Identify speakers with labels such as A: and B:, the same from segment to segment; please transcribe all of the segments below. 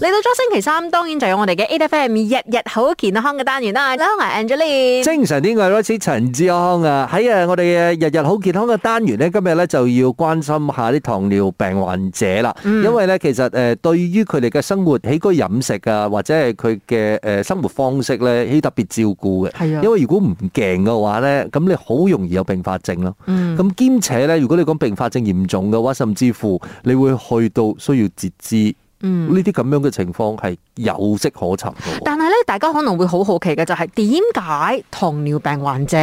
A: 嚟到咗星期三，當然就有我哋嘅 a f m 日日好健康嘅單元啦。Hello，Angelina，
B: 正常啲愛樂士陳志康啊，喺啊我哋嘅日日好健康嘅單元呢，今日呢就要關心下啲糖尿病患者啦。嗯、因為呢，其實誒對於佢哋嘅生活起居飲食啊，或者係佢嘅生活方式呢，起特別照顧嘅。啊、因為如果唔勁嘅話呢，咁你好容易有併發症咯。咁、嗯、兼且呢，如果你講併發症嚴重嘅話，甚至乎你會去到需要截肢。嗯，呢啲咁樣嘅情況係有迹可循
A: 嘅。但係咧，大家可能會好好奇嘅就係點解糖尿病患者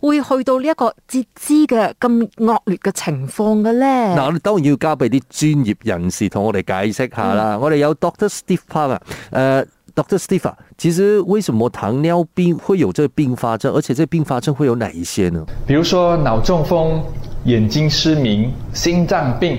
A: 會去到呢一個截肢嘅咁惡劣嘅情況嘅咧？嗱，
B: 當然要交俾啲專業人士同我哋解釋下啦、啊。我、呃、哋有 Doctor Steve Power 誒，Doctor Steve 其實為什麼糖尿病會有這併發症，而且這併發症會有哪一些呢、啊？比如說腦中風、眼睛失明、心臟病。